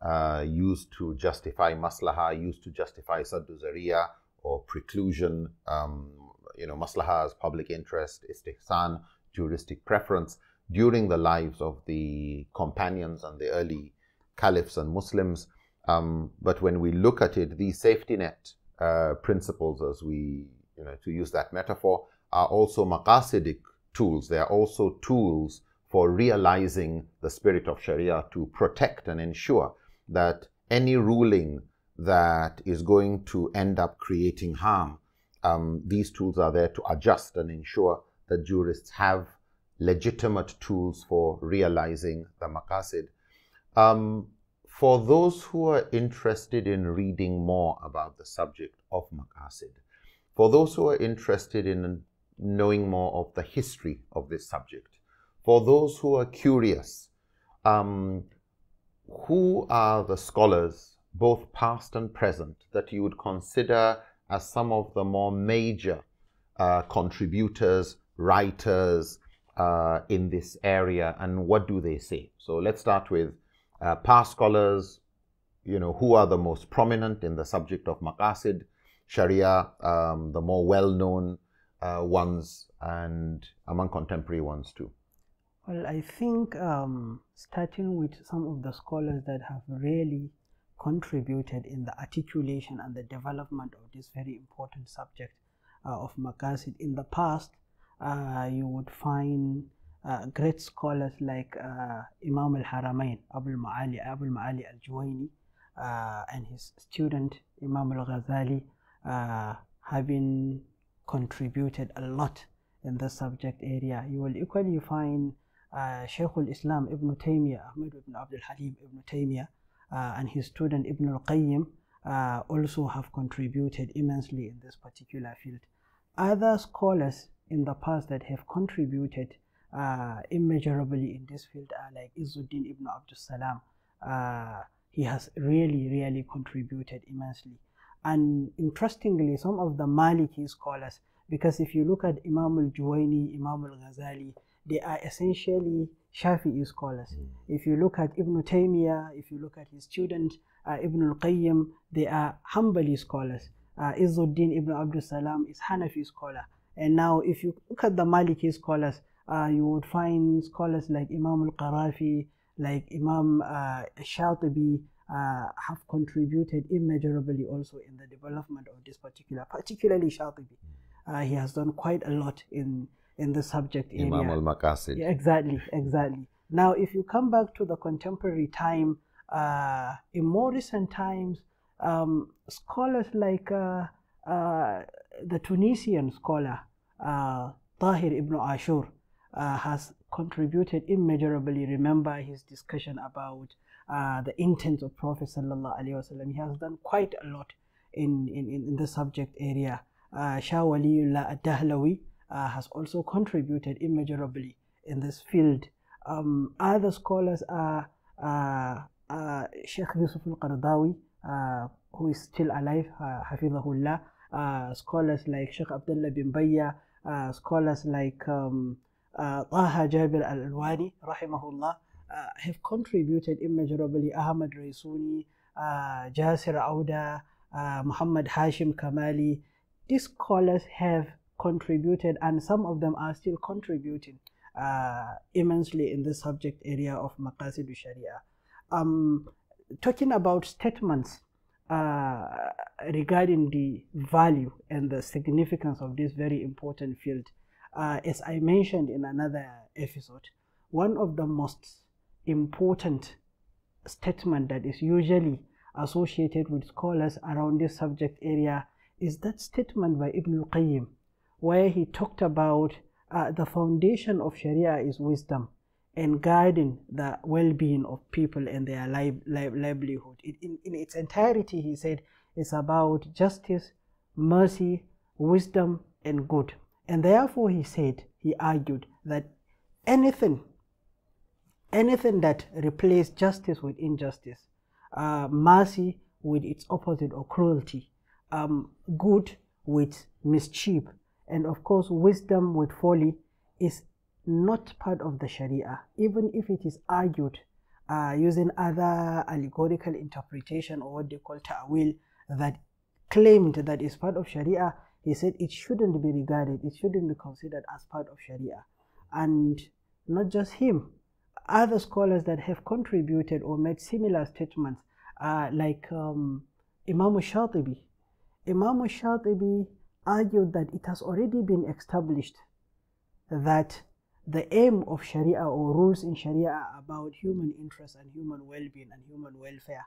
[SPEAKER 1] uh, used to justify maslaha, used to justify saddu zaria or preclusion, um, you know, maslaha as public interest, istihsan, juristic preference, during the lives of the companions and the early caliphs and Muslims. Um, but when we look at it, these safety net uh, principles, as we, you know, to use that metaphor, are also maqasidic tools. They are also tools for realizing the spirit of Sharia to protect and ensure that any ruling that is going to end up creating harm, um, these tools are there to adjust and ensure that jurists have legitimate tools for realizing the maqasid. Um, for those who are interested in reading more about the subject of maqasid, for those who are interested in knowing more of the history of this subject. For those who are curious, um, who are the scholars, both past and present, that you would consider as some of the more major uh, contributors, writers uh, in this area, and what do they say? So let's start with uh, past scholars, you know, who are the most prominent in the subject of maqasid, sharia, um, the more well-known uh, ones and among contemporary ones too?
[SPEAKER 3] Well, I think um, starting with some of the scholars that have really contributed in the articulation and the development of this very important subject uh, of Makassid In the past, uh, you would find uh, great scholars like uh, Imam al-Haramain, Abu Ma'ali, Abul Ma'ali al-Juwaini, uh, and his student Imam al-Ghazali, uh, having contributed a lot in this subject area. You will equally find uh, al-Islam Ibn Taymiyyah, Ahmad ibn Abdul Halim Ibn Taymiyyah, uh, and his student Ibn al-Qayyim uh, also have contributed immensely in this particular field. Other scholars in the past that have contributed uh, immeasurably in this field are like Izzuddin Ibn Abdul Salam. Uh, he has really, really contributed immensely. And interestingly, some of the Maliki scholars, because if you look at Imam al Juwayni, Imam al Ghazali, they are essentially Shafi'i scholars. Hmm. If you look at Ibn Taymiyyah, if you look at his student uh, Ibn al Qayyim, they are Hanbali scholars. Uh, Izzuddin Ibn Abdul Salam is Hanafi scholar. And now, if you look at the Maliki scholars, uh, you would find scholars like Imam al Qarafi, like Imam uh, Shatibi, uh, have contributed immeasurably also in the development of this particular, particularly Shatibi. Mm. Uh, he has done quite a lot in, in the subject area. Imam al-Maqasid. Yeah, exactly, exactly. Now, if you come back to the contemporary time, uh, in more recent times, um, scholars like uh, uh the Tunisian scholar uh, Tahir ibn Ashur uh, has contributed immeasurably. Remember his discussion about uh, the intents of Prophet sallallahu He has done quite a lot in in, in the subject area. Uh, Shah Waliullah Dahlawi uh, has also contributed immeasurably in this field. Um, other scholars are uh, uh, Sheikh Yusuf al-Qardawi, uh, who is still alive, uh, Hafizahullah, uh, scholars like Sheikh Abdullah bin Bayya, uh, scholars like um, uh, Taha Jabir al-Alwani, rahimahullah, uh, have contributed immeasurably Ahmad Raisuni, uh, Jasir Auda, uh, Muhammad Hashim Kamali. These scholars have contributed, and some of them are still contributing uh, immensely in the subject area of Maqasid Sharia. Um, talking about statements uh, regarding the value and the significance of this very important field, uh, as I mentioned in another episode, one of the most important statement that is usually associated with scholars around this subject area is that statement by Ibn al-Qayyim where he talked about uh, the foundation of Sharia is wisdom and guiding the well-being of people and their li li livelihood. It, in, in its entirety, he said, is about justice, mercy, wisdom, and good. And therefore, he said, he argued that anything anything that replaces justice with injustice, uh, mercy with its opposite or cruelty, um, good with mischief, and of course, wisdom with folly is not part of the Sharia, even if it is argued uh, using other allegorical interpretation or what they call ta'wil that claimed that is part of Sharia. He said it shouldn't be regarded, it shouldn't be considered as part of Sharia. And not just him, other scholars that have contributed or made similar statements are like um, Imam Shatibi. Imam Shatibi argued that it has already been established that the aim of Sharia or rules in Sharia are about human interests and human well being and human welfare.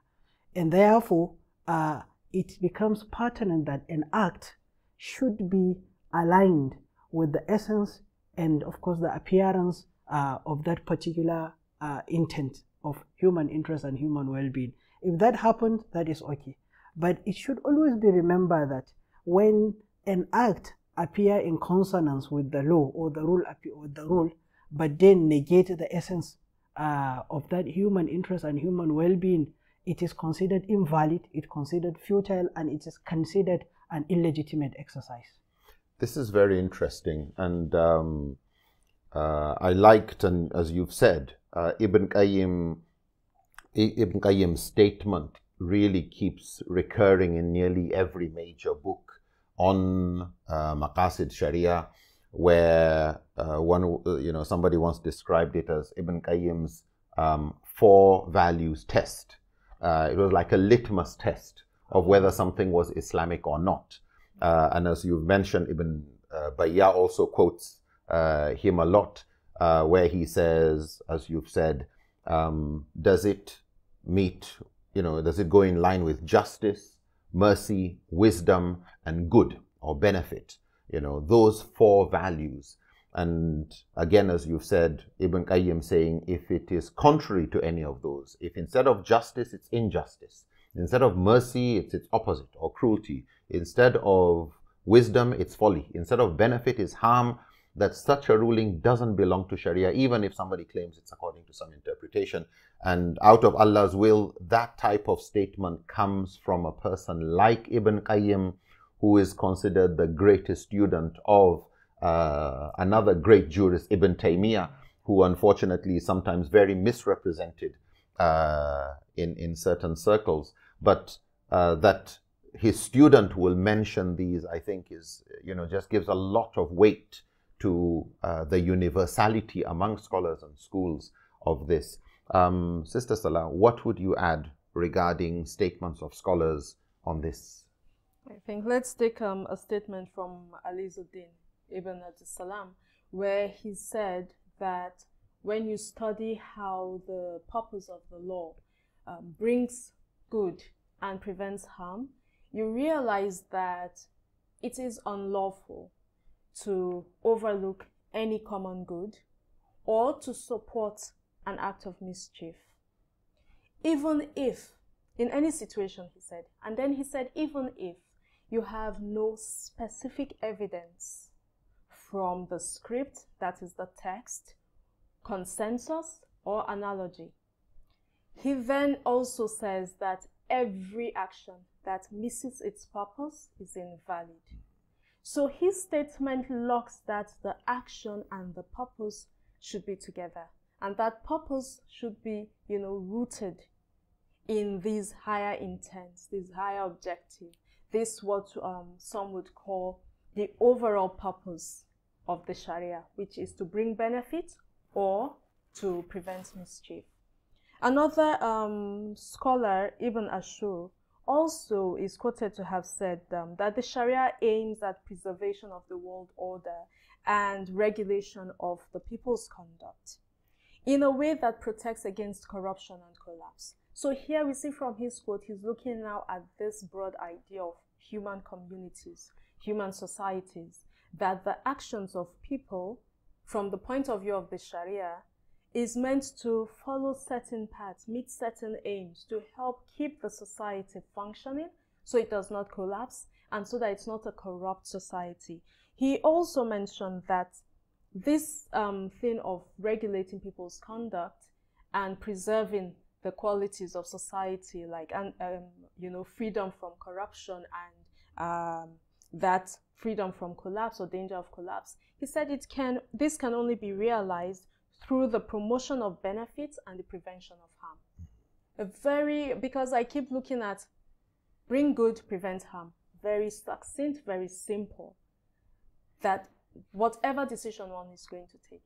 [SPEAKER 3] And therefore, uh, it becomes pertinent that an act should be aligned with the essence and, of course, the appearance uh, of that particular uh, intent of human interest and human well-being. If that happens, that is okay. But it should always be remembered that when an act appear in consonance with the law or the rule, or the rule, but then negate the essence uh, of that human interest and human well-being, it is considered invalid, it considered futile, and it is considered an illegitimate exercise.
[SPEAKER 1] This is very interesting, and um, uh, I liked, and as you've said, uh, Ibn Qayyim, Ibn Qayyim's statement really keeps recurring in nearly every major book on uh, Maqasid Sharia, where uh, one, uh, you know, somebody once described it as Ibn Qayyim's um, four values test. Uh, it was like a litmus test of whether something was Islamic or not. Uh, and as you've mentioned, Ibn uh, Bayya also quotes uh, him a lot, uh, where he says, as you've said, um, does it meet, you know, does it go in line with justice, mercy, wisdom, and good or benefit? You know, those four values. And again, as you've said, Ibn Qayyim saying, if it is contrary to any of those, if instead of justice, it's injustice, instead of mercy, it's its opposite or cruelty, instead of wisdom, it's folly, instead of benefit, is harm, that such a ruling doesn't belong to Sharia, even if somebody claims it's according to some interpretation. And out of Allah's will, that type of statement comes from a person like Ibn Qayyim, who is considered the greatest student of uh, another great jurist, Ibn Taymiyyah, who unfortunately is sometimes very misrepresented uh, in, in certain circles. But uh, that his student will mention these, I think, is, you know, just gives a lot of weight to uh, the universality among scholars and schools of this. Um, Sister Salah, what would you add regarding statements of scholars on this?
[SPEAKER 2] I think let's take um, a statement from Ali Zuddin Ibn al-Salam, where he said that when you study how the purpose of the law um, brings good and prevents harm, you realize that it is unlawful to overlook any common good or to support an act of mischief. Even if, in any situation, he said, and then he said, even if you have no specific evidence from the script, that is the text, consensus, or analogy. He then also says that every action that misses its purpose is invalid. So his statement locks that the action and the purpose should be together. And that purpose should be, you know, rooted in these higher intents, these higher objectives, This what um, some would call the overall purpose of the Sharia, which is to bring benefit or to prevent mischief. Another um, scholar, Ibn Ashur, also is quoted to have said um, that the Sharia aims at preservation of the world order and regulation of the people's conduct in a way that protects against corruption and collapse. So here we see from his quote, he's looking now at this broad idea of human communities, human societies, that the actions of people from the point of view of the Sharia is meant to follow certain paths, meet certain aims to help keep the society functioning so it does not collapse and so that it's not a corrupt society. He also mentioned that this um, thing of regulating people's conduct and preserving the qualities of society, like and um, you know freedom from corruption and um, that freedom from collapse or danger of collapse, he said it can this can only be realized through the promotion of benefits and the prevention of harm. A very, because I keep looking at bring good, prevent harm. Very succinct, very simple. That whatever decision one is going to take.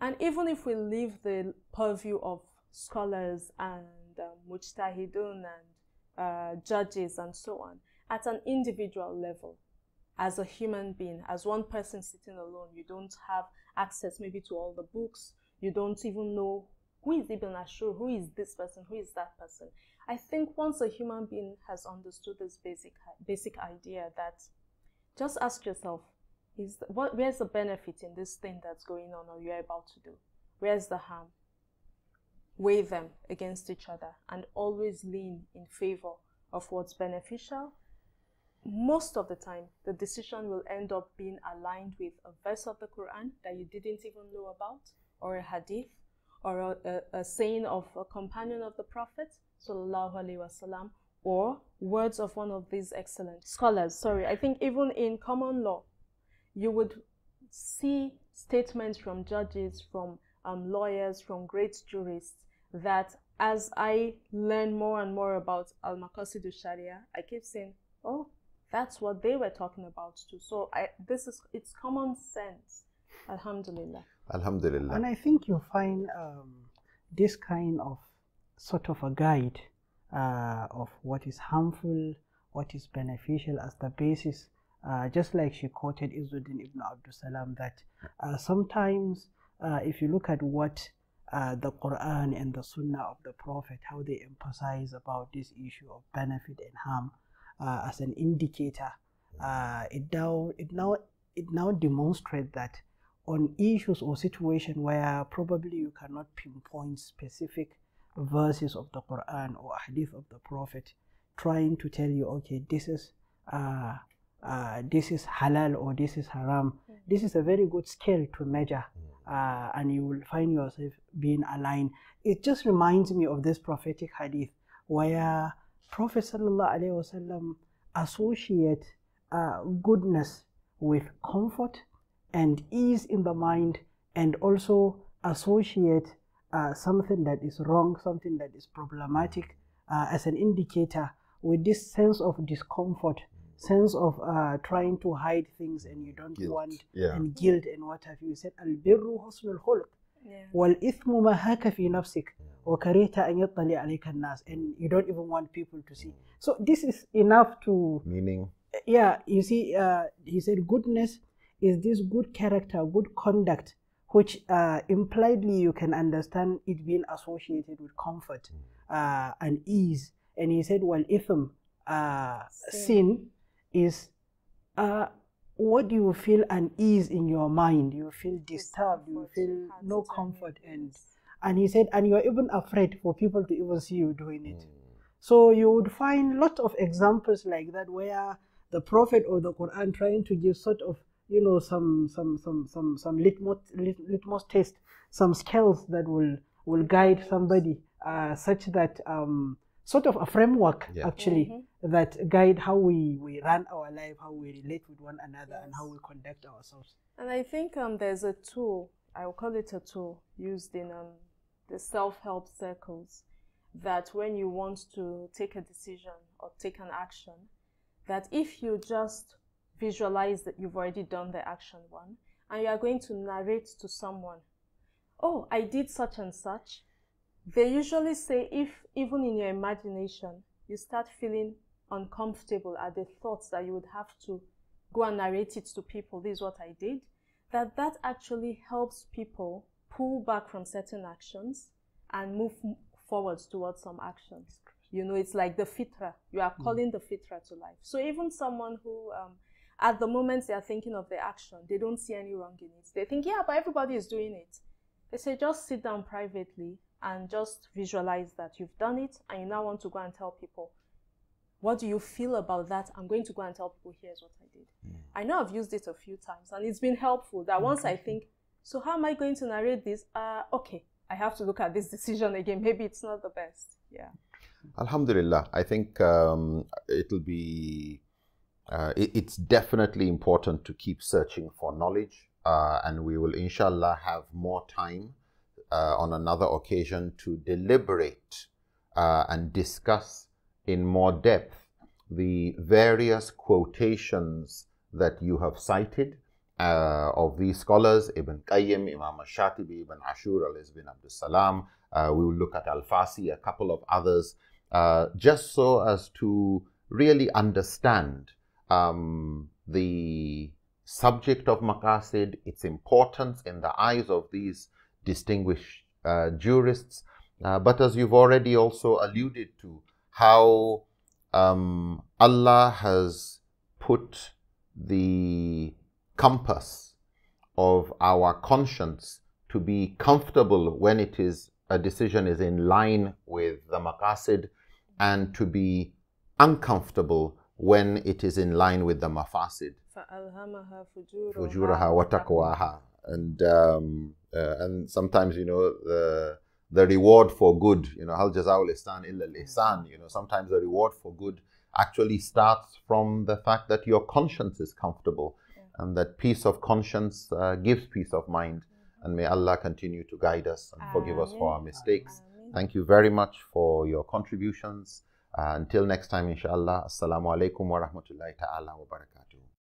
[SPEAKER 2] And even if we leave the purview of scholars and uh, um, mujtahidun and uh, judges and so on, at an individual level, as a human being, as one person sitting alone, you don't have access maybe to all the books, you don't even know who is Ibn Ashur, who is this person, who is that person. I think once a human being has understood this basic basic idea that just ask yourself, is the, what where's the benefit in this thing that's going on or you're about to do? Where's the harm? Weigh them against each other and always lean in favor of what's beneficial. Most of the time, the decision will end up being aligned with a verse of the Quran that you didn't even know about, or a hadith or a, a, a saying of a companion of the Prophet wasalam, or words of one of these excellent scholars. Sorry, I think even in common law, you would see statements from judges, from um, lawyers, from great jurists that as I learn more and more about Al Maqasidu Sharia, I keep saying, oh, that's what they were talking about too. So I, this is, it's common sense. Alhamdulillah.
[SPEAKER 1] Alhamdulillah.
[SPEAKER 3] And I think you find um, this kind of sort of a guide uh, of what is harmful, what is beneficial as the basis. Uh, just like she quoted Izzuddin ibn Abdul Salam, that uh, sometimes uh, if you look at what uh, the Quran and the Sunnah of the Prophet, how they emphasize about this issue of benefit and harm uh, as an indicator, it now it now it now demonstrates that on issues or situation where probably you cannot pinpoint specific verses of the Quran or hadith of the Prophet, trying to tell you, okay, this is uh, uh, this is halal or this is haram. Mm. This is a very good scale to measure, mm. uh, and you will find yourself being aligned. It just reminds me of this prophetic hadith where Prophet wasallam associate uh, goodness with comfort and ease in the mind and also associate uh, something that is wrong, something that is problematic uh, as an indicator with this sense of discomfort, sense of uh, trying to hide things and you don't guilt. want, yeah. and guilt and what have you. said, Al-birru husnul khulq. والإثم ما هاك في and you don't even want people to see so this is enough to meaning yeah you see uh, he said goodness is this good character, good conduct, which uh, impliedly you can understand it being associated with comfort mm. uh, and ease. And he said, well, if uh, sin. is uh, what you feel ease in your mind. You feel disturbed. You feel no comfort. And and he said, and you are even afraid for people to even see you doing it. Mm. So you would find lots of examples like that where the Prophet or the Quran trying to give sort of you know some some some some some litmus litmus test some scales that will will guide somebody uh, such that um, sort of a framework yeah. actually mm-hmm. that guide how we, we run our life, how we relate with one another, yes. and how we conduct ourselves.
[SPEAKER 2] And I think um, there's a tool, I will call it a tool, used in um, the self help circles that when you want to take a decision or take an action, that if you just visualize that you've already done the action one and you are going to narrate to someone oh i did such and such they usually say if even in your imagination you start feeling uncomfortable at the thoughts that you would have to go and narrate it to people this is what i did that that actually helps people pull back from certain actions and move forwards towards some actions you know it's like the fitra you are hmm. calling mm. the fitra to life so even someone who um, at the moment they are thinking of their action, they don't see any wrong in it. They think, yeah, but everybody is doing it. They say, just sit down privately and just visualize that you've done it and you now want to go and tell people. What do you feel about that? I'm going to go and tell people, here's what I did. Mm. I know I've used it a few times and it's been helpful that once I mm-hmm. think, so how am I going to narrate this? Uh, okay, I have to look at this decision again. Maybe it's not the best. Yeah.
[SPEAKER 1] Alhamdulillah, I think um, it'll be uh, it, it's definitely important to keep searching for knowledge, uh, and we will, inshallah, have more time uh, on another occasion to deliberate uh, and discuss in more depth the various quotations that you have cited uh, of these scholars Ibn Qayyim, Imam Shatibi, Ibn Ashur, Al Ibn Abdul Salam. we will look at Al Fasi, a couple of others, just so as to really understand um, the subject of maqasid, its importance in the eyes of these distinguished uh, jurists, uh, but as you've already also alluded to, how um, Allah has put the compass of our conscience to be comfortable when it is a decision is in line with the maqasid and to be uncomfortable when it is in line with the mafasid. Fujuraha And, um, uh, and sometimes, you know, the, the reward for good, you know, hal jaza'ul ihsan illa you know, sometimes the reward for good actually starts from the fact that your conscience is comfortable and that peace of conscience uh, gives peace of mind. Mm-hmm. And may Allah continue to guide us and forgive us for our mistakes. Thank you very much for your contributions. Uh, until next time, inshallah. Assalamu alaikum wa rahmatullahi ta'ala wa barakatuh.